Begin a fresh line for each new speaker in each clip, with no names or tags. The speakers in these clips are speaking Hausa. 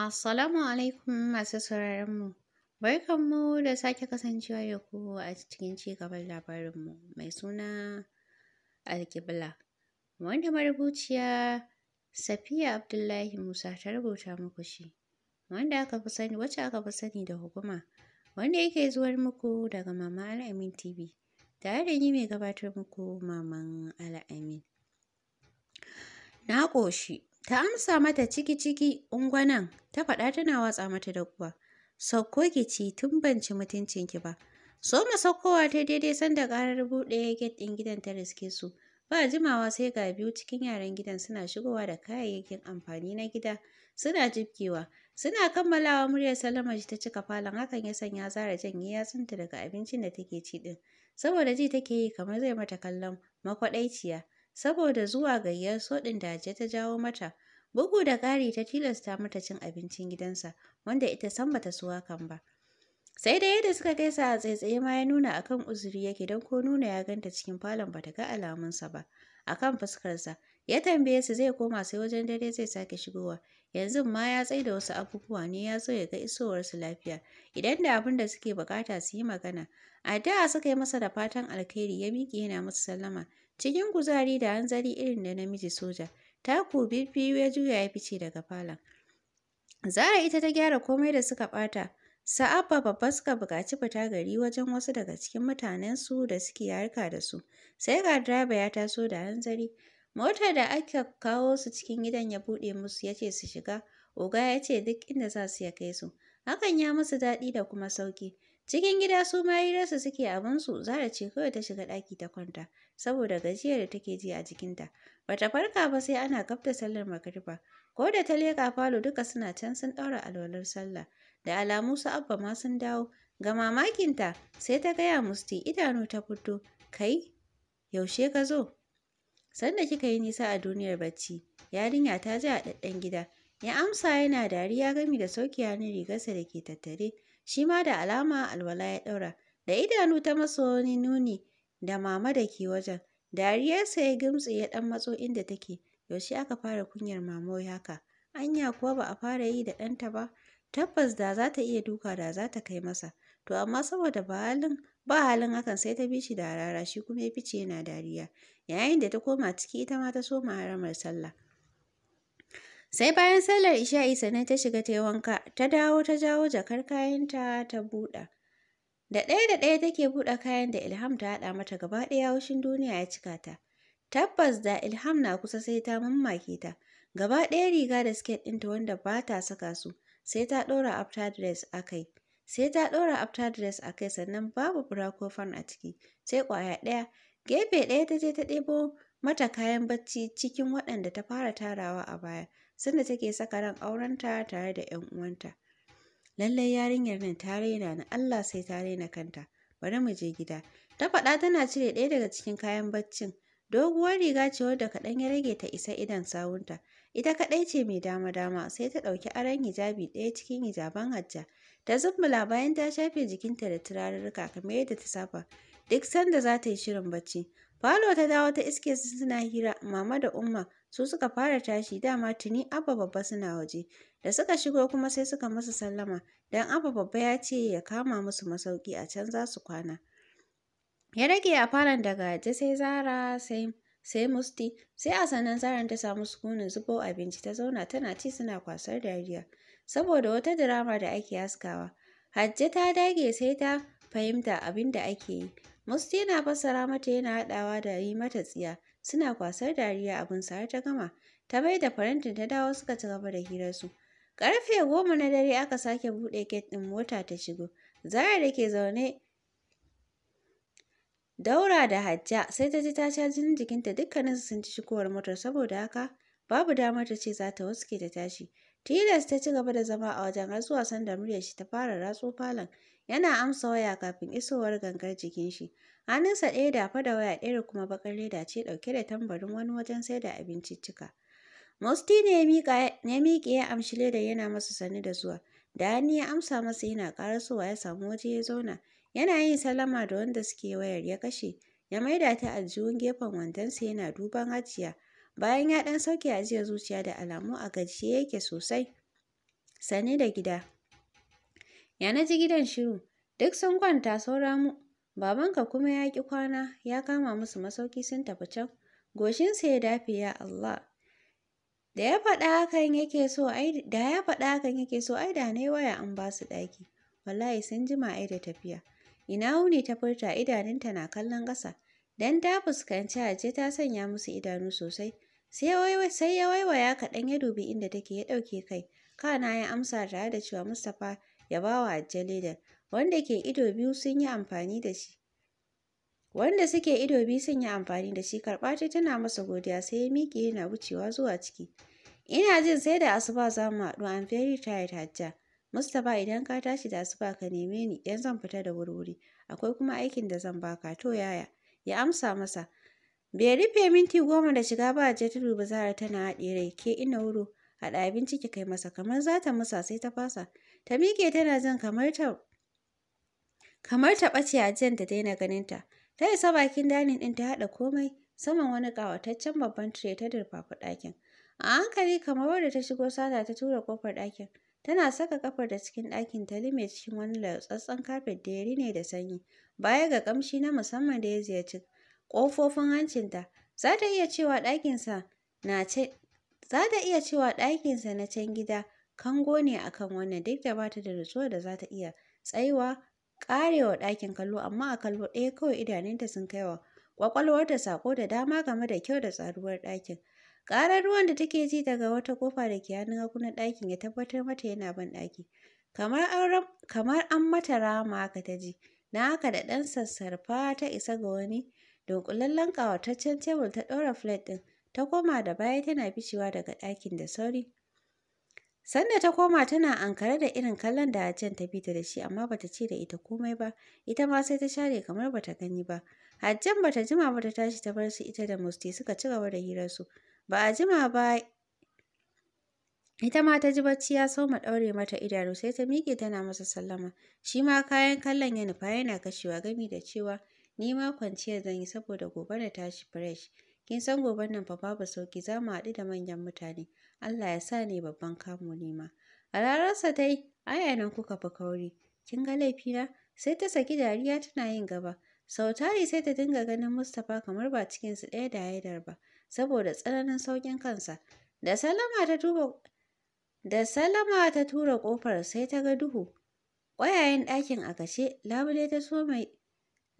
Assalamu alaikum masu sauraronmu. Barkanmu da sake kasancewa da ku a cikin cigaban labarinmu mai suna Alkibla. Wanda marubuciya Safiya Abdullahi Musa ta rubuta muku shi, wanda aka fi sani wacce aka fi sani da hukuma, wanda yake zuwar muku daga Mama Al'amin TV, tare da ni mai gabatar muku Maman Al'amin. Na ƙoshi. Ta amsa mata ciki-ciki ungwanan ta faɗa tana watsa mata da kuwa. Sauko ki ci tun ban ci mutuncinki ba. ma saukowa ta daidai sanda ƙarar buɗe get ɗin gidan ta riske su. Ba jimawa sai ga biyu cikin yaran gidan suna shigowa da kayayyakin amfani na gida suna jibgewa. Suna kammalawa muryar Salama ta cika falon hakan ya sanya Zara janye yatsunta daga abincin da take ci ɗin Saboda ji take yi kamar zai mata kallon makwaɗaiciya. saboda zuwa gayyar soɗin da Hajiya ta jawo mata. Bugu da ƙari ta tilasta mata cin abincin gidansa, wanda ita san bata so hakan ba. Sai dai yadda suka gaisa a tsaitsaye ma ya nuna akan uzuri yake don ko nuna ya ganta cikin falon bata ga alamunsa ba. Akan fuskarsa, ya tambaye su zai koma sai wajen dare zai sake shigowa. Yanzu ma ya tsai da wasu abubuwa ne ya zo ya ga isowarsu lafiya. Idan da abin da suke bukata su yi magana. A da suka yi masa da fatan alkhairi ya miƙe yana musu sallama. Cikin kuzari da hanzari irin da namiji soja, taku biyu ya juya ya fice daga falon. Zara ita ta gyara komai da suka ɓata. Sa'abba babba suka buƙaci fita gari wajen wasu daga cikin mutanen su da suke harka da su. Sai ga driver ya taso da hanzari. Motar da aka kawo su cikin gidan ya buɗe musu ya ce su shiga. Oga ya ce duk inda za su ya kai su. Hakan ya musu daɗi da kuma sauƙi. Cikin gida su ma suke abinsu, Zara ce kawai ta shiga ɗaki ta kwanta, saboda gajiyar da take ji a jikinta. Bata farka ba sai ana gabta sallar magriba. Ko da ta leƙa falo duka suna can sun ɗaura alwalar sallah. Da alamu su abba ma sun dawo. Ga mamakinta sai ta gaya musti idanu ta fito, kai, yaushe ka zo? Sanda kika yi nisa a duniyar bacci, yarinya ta ji a ɗaɗɗen gida. Ya amsa yana dariya gami da sauki hannun rigarsa da ke tattare. shi ma da alama alwala ya ɗaura da idanu ta maso wani nuni da mama da ke wajen dariyarsa ya gimtse ya ɗan matso inda take yaushe aka fara kunyar mamo haka anya kuwa ba a fara yi da ɗanta ba tabbas da za ta iya duka da za ta kai masa to amma saboda ba halin ba halin hakan sai ta bi shi da rara shi kuma ya fice yana dariya yayin da ta koma ciki ita ma ta soma haramar sallah Sai bayan sallar isha'i sannan ta shiga ta yi wanka, ta dawo ta jawo jakar kayanta ta buɗa. Da ɗaya da ɗaya take buɗe kayan da Ilham ta haɗa mata gaba ɗaya haushin duniya ya cika ta. Tabbas da Ilham na kusa sai ta mamaki ta. Gaba ɗaya riga da siket ɗinta wanda ba ta saka su, sai ta ɗora after dress a kai. Sai ta ɗora after dress a kai sannan babu bra ko fan a ciki, sai ƙwaya ɗaya. Gefe ɗaya ta je ta ɗebo mata kayan bacci cikin waɗanda ta fara tarawa a baya. sanda take saka ran aurenta tare da 'yan uwanta. Lallai yarinyar nan ta raina na Allah sai ta raina kanta. Bari mu je gida. Ta faɗa tana cire ɗaya daga cikin kayan baccin. Doguwar riga ce wadda kaɗan ya rage ta isa idan sawunta. Ita kaɗai ce mai dama-dama sai ta ɗauki aron hijabi ɗaya cikin hijaban hajja. Ta zumbula bayan ta shafe jikinta da turarurruka kamar yadda ta saba. Duk sanda za ta yi shirin bacci, Falo ta dawo ta iske su suna hira, mama da umma su suka fara tashi dama tuni abba babba suna waje. Da suka shigo kuma sai suka masa sallama, don abba babba ya ce ya kama musu masauki a can za su kwana. Ya rage a falon daga je sai Zara sai sai Musti sai a sanan Zaran ta samu sukunin zubo abinci ta zauna tana ci suna kwasar dariya. Saboda wata drama da ake haskawa, Hajje ta dage sai ta fahimta abinda ake yi, Musti yana fassara mata yana haɗawa da yi mata tsiya, suna kwasar dariya sa har ta gama. Ta bai da farantin ta dawo suka ci gaba da hirar su Ƙarfe goma na dare aka sake buɗe gate ɗin mota ta shigo. Zara da ke zaune daura da hajja sai ta ji ta sha jinin jikinta dukkaninsu sun ci shigowar motar saboda haka babu damar ta ce za ta waske ta tashi. Tilas ta ci gaba da zama a wajen har zuwa sanda muryar shi ta fara ratso falon. Yana amsa waya kafin isowar gangar jikin shi. Hannunsa ɗaya da da waya ɗaya kuma bakar leda ce ɗauke da tambarin wani wajen sai da abinciccika. Musti ne ya miƙe ya amshi leda yana masa sani da zuwa. Da hannu ya amsa masa yana ƙarasowa ya samu waje ya zauna. Yana yin salama da wanda suke wayar ya kashe. Ya maida ta aljihun gefen wandonsa yana duban hajiya. Bayan ya ɗan sauke ajiyar zuciya da alamu a gajiye yake sosai. sane da gida. Ya na ji gidan shiru, duk sun kwanta saura mu. Babanka kuma ya ƙi kwana, ya kama musu masauki sun tafi can. Goshin sai ya dafe ya Allah. Da ya faɗa hakan yake so ai da ya faɗa hakan yake so ai da ne waya an ba su ɗaki. Wallahi sun jima ai da tafiya. Ina wuni ta furta idanunta na kallon ƙasa. Dan ta fuskanci aje ta sanya musu idanu sosai. Sai ya waiwaya kaɗan ya dubi inda take ya ɗauke kai. Kana ya amsa tare da cewa Mustapha ya ba wa Hajja ledar, wanda ke ido biyu sun yi amfani da shi. Wanda suke ido biyu sun yi amfani da shi karɓa ta tana masa godiya sai ya miƙe yana wucewa zuwa ciki. Ina jin sai da asuba za mu haɗu an very tired Hajja. Mustapha idan ka tashi da asuba ka neme ni yan zan fita da wuri-wuri, Akwai kuma aikin da zan baka to yaya? Ya amsa masa Bai rufe minti goma da shiga ba je tudu ba Zara tana haɗe rai ke ina wuro haɗa abinci ki kai masa kamar za ta musa sai ta fasa. Ta miƙe tana jin kamar ta kamar ta ɓace a jiyan ta daina ganin ta. Ta isa bakin danin ɗin ta haɗa komai saman wani ƙawataccen babban tire ta durfafa ɗakin. A hankali kamar wadda ta shigo sata ta tura ƙofar ɗakin. Tana saka kafar da cikin ɗakin ta lime cikin wani lautsatsen kafet da ya rine da sanyi, baya ga ƙamshi na musamman da ya ziyarci ƙofofin hancinta. Za ta iya cewa ɗakinsa na za ta iya cewa ɗakinsa na can gida kango ne akan wannan duk da bata da nutsuwa da za ta iya tsaiwa ƙarewa ɗakin kallo amma a kallo ɗaya kawai idanunta sun kaiwa ta saƙo da dama game da kyau da tsaruwar ɗakin. Ƙarar ruwan da take ji daga wata ƙofa da ke hannun hagu na ɗakin ya tabbatar mata yana ban ɗaki. Kamar an mata rama haka ta ji, na haka da ɗan sassarfa ta isa ga wani dunkulallen taccen tebur ta ɗora flat ɗin ta koma da baya tana ficewa daga ɗakin da sauri sanda ta koma tana ankare da irin kallon da Hajjan ta bita da shi amma bata ce da ita komai ba ita ma sai ta share kamar bata gani ba Hajjan bata jima ba ta tashi ta bar su ita da Musti suka ci gaba da hirar su, ba a jima ba ita ma ta ji bacci ya soma ɗaure mata idanu sai ta miƙe tana masa sallama shi ma kayan kallon ya nufa yana kashewa gami da cewa Ni ma kwanciyar zan yi saboda gobe na tashi fresh. Kin san gobe nan fa babu sauki za mu haɗu da manyan mutane. Allah ya sa ne babban kamu ni ma. A rararsa ta yi, aya nan kuka fi kauri. Kin ga laifina? Sai ta saki dariya tana yin gaba. Sau tari sai ta dinga ganin Mustapha kamar ba cikin su ɗaya da haidar ba, saboda tsananin saukin kansa. Da Salama ta Da Salama ta tura kofar sai ta ga duhu. Ƙwayayen ɗakin a kashe, labule ta so mai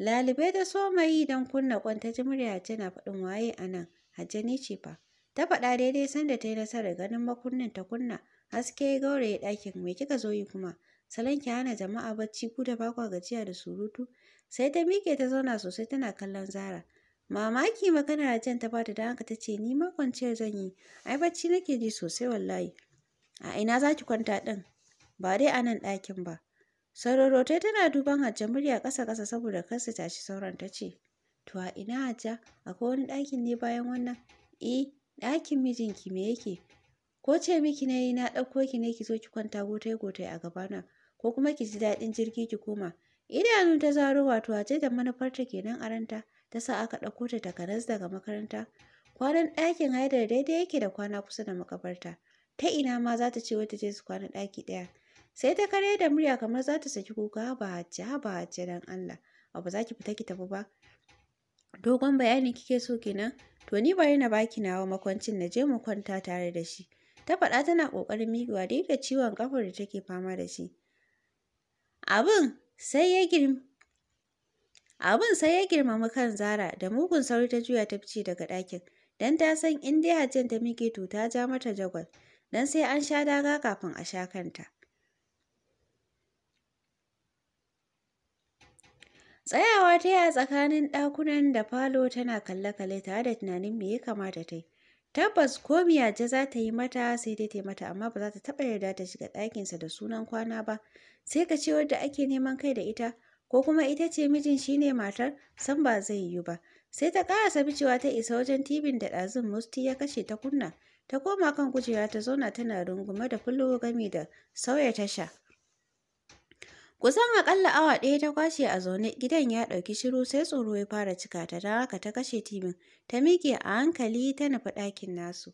Lalibai ta so mai don kunna kwanta ta ji murya tana faɗin waye a nan, Hajjani ce fa. Ta faɗa daidai sanda ta yi nasarar ganin makunnin ta kunna, haske ya gauraye ɗakin mai kika zo yi kuma. Salon ki hana jama'a bacci ku da bakwa gajiya da surutu. Sai ta miƙe ta zauna sosai tana kallon Zara. Mamaki magana jan ta bata da haka ta ce ni ma kwanciyar zan yi, ai bacci nake ji sosai wallahi. A ina za ki kwanta ɗin? Ba dai a nan ɗakin ba. Sororote tana duban Hajja murya ƙasa-ƙasa saboda kar su tashi sauran ta ce, To a ina Hajja, akwai wani ɗakin ne bayan wannan? Eh, ɗakin mijinki me yake? Ko ce miki na yi na ɗauko ki ne ki zo ki kwanta gotai-gotai a gabana, ko kuma ki ji daɗin jirgi ki koma. Idanu ta zaro wato Hajja da manufarta kenan a ranta, ta sa aka ɗauko ta takanas daga makaranta. Kwanan ɗakin haidar daidai yake da kwana kusa da makabarta. Ta ina ma za ta ce wata je su kwana ɗaki ɗaya. sai ta kare da murya kamar za ta saki kuka ba hajji ba dan Allah abu za ki fita ki tafi ba dogon bayani kike so kenan to ni bari na baki nawa makwancin na je mu kwanta tare da shi ta faɗa tana ƙoƙarin miƙewa duk da ciwon ƙafar da take fama da shi abin sai ya girm abin sai ya girmama kan zara da mugun sauri ta juya ta fice daga ɗakin dan ta san in dai hajjin ta miƙe to ta ja mata jagwal dan sai an sha daga kafin a sha kanta Tsayawa ta yi a tsakanin ɗakunan da falo tana kalle-kalle tare da tunanin me ya kamata ta yi. Tabbas ko miyaje za ta yi mata sai dai ta yi mata amma ba za ta taɓa yarda ta shiga ɗakinsa da sunan kwana ba. Sai ka ce wadda ake neman kai da ita ko kuma ita ce mijin shi ne matar san ba zai yiwu ba. Sai ta sabi cewa ta isa wajen tibin da ɗazun musti ya kashe ta kunna. Ta koma kan kujera ta zauna tana rungume da fulo gami da sauya tasha. Kusan akalla awa ɗaya ta kwashe a zaune gidan ya ɗauki shiru sai tsoro ya fara cika ta don haka ta kashe timin, ta miƙe a hankali ta nufi ɗakin nasu.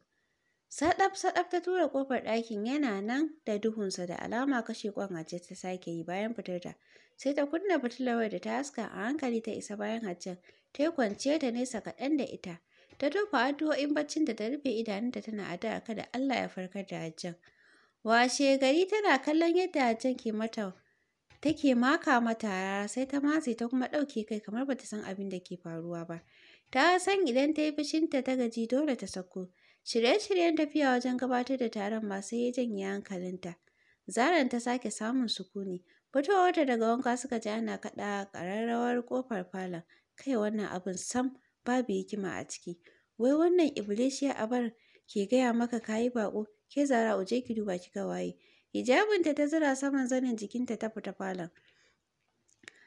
Saɗaf saɗaf ta tura ƙofar ɗakin yana nan da duhunsa da alama kashe kwan hajjar ta sake yi bayan fitar da sai ta kunna fitilar da ta haska a hankali ta isa bayan hajjar ta yi kwance ta nesa kaɗan da ita. Ta tofa addu'o'in baccin da ta rufe idanunta tana addu'a kada Allah ya farkar da hajjar. Washe gari tana kallon yadda hajjar ke mata take maka mata sai ta matse ta kuma ɗauke kai kamar bata san abin da ke faruwa ba. Ta san idan ta yi fushinta ta gaji dole ta sako. Shirye-shiryen tafiya wajen gabatar da taron masu sai ya janye hankalinta. Zaran ta sake samun sukuni. Fitowarta daga wanka suka ji ana kaɗa ƙararrawar ƙofar falon. Kai wannan abin sam babu hikima a ciki. Wai wannan a bar ke gaya maka kayi baƙo, ke zara uje ki duba ki ga waye. hijabinta ta zura saman zanin jikinta ta fita falon.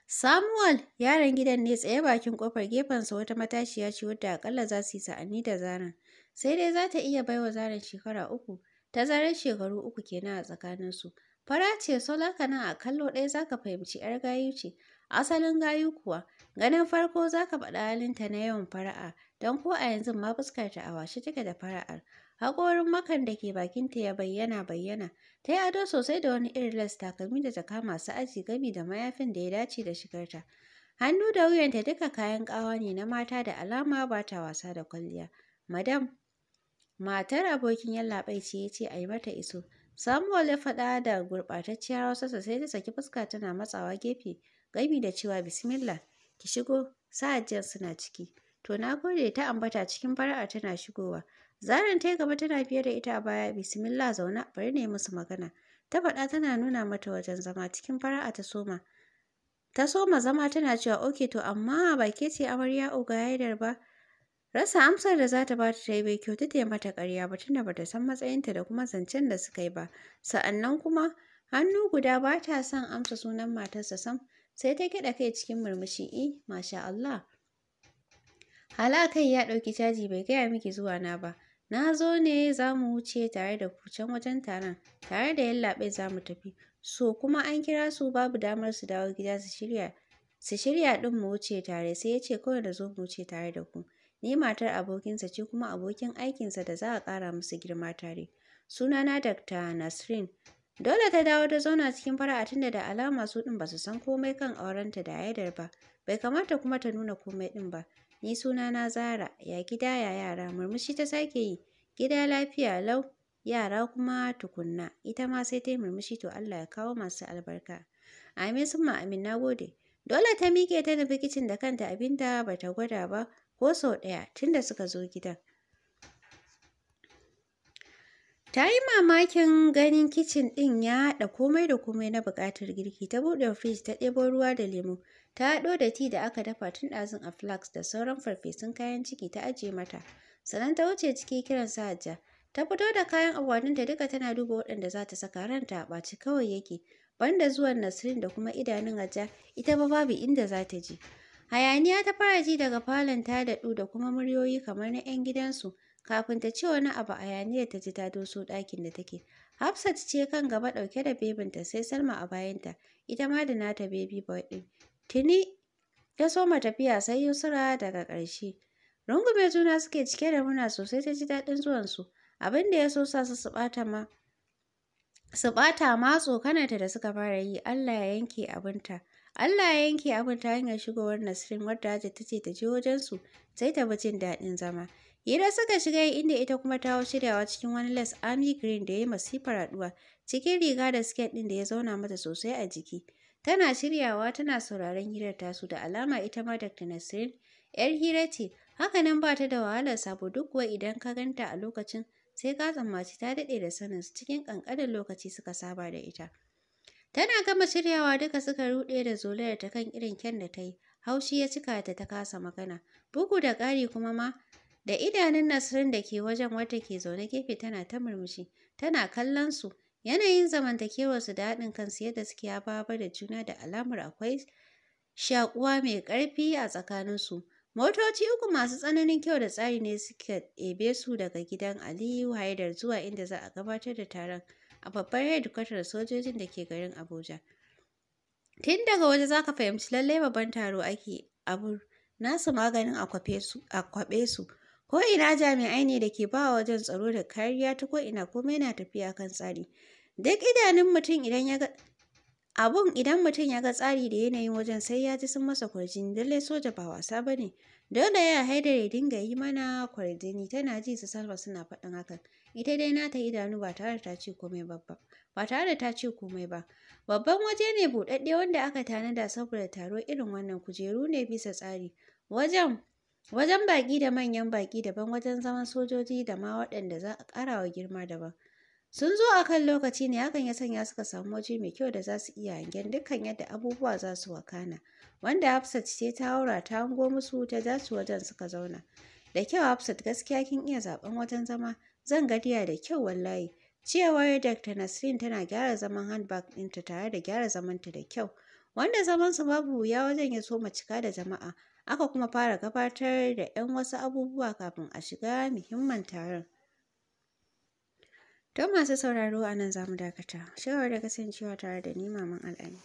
Samuel yaron gidan ne tsaye bakin kofar gefensa wata matashiya ce wadda akalla za su yi sa'anni da zaran. Sai dai za ta iya baiwa zaran shekara uku, ta tazarar shekaru uku kenan a tsakaninsu. Fara ce sol nan a kallo ɗaya za ka fahimci 'yar gayu ce, asalin gayu kuwa. Ganin farko za ka faɗi halinta na yawan fara'a, don ko a yanzu ma fuskarta a washe take da fara'ar. Haƙorin makan da ke bakinta ya bayyana bayyana, ta yi ado sosai da wani irin las takalmi da jaka masu aji gami da mayafin da ya dace da shigarta. Hannu da wuyanta duka kayan ƙawa ne na mata da alama ba ta wasa da kwalliya. Madam, matar abokin yallaɓai ce ya ce a yi mata iso. Samuel ya faɗa da gurɓatacciyar hausarsa sai ta saki fuska tana matsawa gefe gami da cewa bismillah ki shigo sa'ajiyar suna ciki. To na gode ta ambata cikin fara'a tana shigowa. Zaran ta gaba tana fiye da ita a baya bismillah zauna bari ne musu magana. Ta faɗa tana nuna mata wajen zama cikin fara'a ta soma. Ta soma zama tana cewa oke to amma ba ke ce amarya oga haidar ba Rasa amsar da za ta ba ta yi bai kyauta ta yi mata ƙarya ba tunda ba ta san matsayinta da kuma zancen da suka yi ba. Sa'annan kuma hannu guda ba ta son amsa sunan matarsa sam sai ta kiɗa kai cikin murmushi i eh, masha Allah. Hala kai ya ɗauki caji bai gaya miki zuwa na ba. Na zo ne za mu wuce tare da ku can wajen taron, tare da yallaɓe za mu tafi. So kuma an kira su babu damar su dawo gida su shirya. Su shirya ɗin mu wuce tare sai ya ce kawai da zo mu wuce tare da ku. Ni matar abokinsa ce kuma abokin aikinsa da za a ƙara musu girma tare. Sunana Dr. Nasrin. Dole ta dawo ta zauna cikin fara'a tunda da alama su ɗin ba su san komai kan aurenta da yadar ba. Bai kamata kuma ta nuna komai ɗin ba. Ni sunana Zara, ya gida ya yara, murmushi ta sake yi. Gida lafiya lau, yara kuma tukunna. Ita ma sai ta yi murmushi to Allah ya kawo masu albarka. Amin sun amin na gode. Dole ta miƙe ta nufi kicin da kanta abinda ba ta gwada ba ko sau ɗaya da suka zo gidan. Ta yi mamakin ganin kicin ɗin ya haɗa komai da komai na buƙatar girki, ta buɗe firij ta ɗebo ruwa da lemo, ta haɗo da tea da aka dafa tun ɗazun a flax da sauran farfesun kayan ciki ta ajiye mata, sannan ta wuce ciki kiran sa hajja. Ta fito da kayan akwatinta duka tana duba waɗanda za ta saka ranta a ɓaci kawai yake, banda zuwan Nasrin da kuma idanun hajja ita ba babu inda za ta je. Hayaniya ta fara ji daga falon ta daɗu da kuma muryoyi kamar na 'yan gidansu kafin ta ce wani abu a yaniyar ta ji ta doso ɗakin da take. Hafsat ce kan gaba ɗauke da bebinta sai Salma a bayanta, ita ma da nata bebi boy ɗin. Tuni ta soma tafiya sai Yusra daga ƙarshe. Rungume juna suke cike da muna sosai ta ji daɗin zuwansu, abin da ya so sa su su ɓata ma. Su ɓata ma tsokanarta da suka fara yi, Allah ya yanke abinta. Allah ya yanke abin ta hanyar shigowar Nasrin wadda Hajar ta ce ta je wajensu sai ta bi jin daɗin zama. Hira suka shiga inda ita kuma ta hau shiryawa cikin wani les army green da ya yi masifar haɗuwa cikin riga da siket ɗin da ya zauna mata sosai a jiki. Tana shiryawa tana sauraron hirar tasu da alama ita ma Dr. Nasrin ‘yar hira ce, hakanan ba ta da wahalar sabo duk kuwa idan ka ganta a lokacin sai ka tsammaci ta daɗe da sanin cikin ƙanƙanin lokaci suka saba da ita. Tana gama shiryawa duka suka ruɗe da zolayar ta kan irin kyan da ta yi. Haushi ya cika ta ta kasa magana. Bugu da ƙari kuma ma da idanun Nasirin da ke wajen wata ke zaune gefe tana ta murmushi, tana kallon su. Yanayin su da haɗin kansu yadda suke baba da juna da alamar akwai shakuwa mai ƙarfi a tsakaninsu. Motoci uku masu tsananin kyau da tsari ne suka ɗebe su daga gidan Aliyu Haidar zuwa inda za a gabatar da taron. a babbar hedikwatar sojojin da ke garin Abuja. Tun daga waje za ka fahimci lallai babban taro ake abu nasu maganin a kwaɓe su. Ko ina jami'ai ne da ke ba wajen tsaro da kariya ta ko ina komai na tafiya kan tsari. Duk idanun mutum idan ya ga abun idan mutum ya ga tsari da yanayin wajen sai ya ji sun masa kwarjini lallai soja ba wasa ba ne dole ya haidara ya dinga yi mana kwarjini tana ji su salwa suna faɗin hakan ita dai na ta idanu ba tare da ta ce komai babba ba tare da ta ce komai ba babban waje ne buɗaɗɗe wanda aka tanada saboda taro irin wannan kujeru ne bisa tsari wajen wajen baƙi da manyan baƙi daban wajen zaman sojoji da ma waɗanda za a ƙara wa girma daban sun zo a kan lokaci ne hakan ya sanya suka samu waje mai kyau da za su iya hangen dukkan yadda abubuwa za su wakana wanda hafsat ce ta haura ta hango musu ta dace wajen suka zauna da kyau hafsat gaskiya kin iya zaɓen wajen zama Zan gadiya da kyau wallahi. Cewar Dr. Nasrin tana gyara zaman handbag ɗinta tare da gyara zamanta da kyau. Wanda zaman su babu ya wajen ya soma cika da jama'a. Aka kuma fara gabatar da 'yan wasu abubuwa kafin a shiga muhimman taron. Don masu sauraro a nan za mu dakata. shawarar da kasancewa tare da ni Maman Al'ani.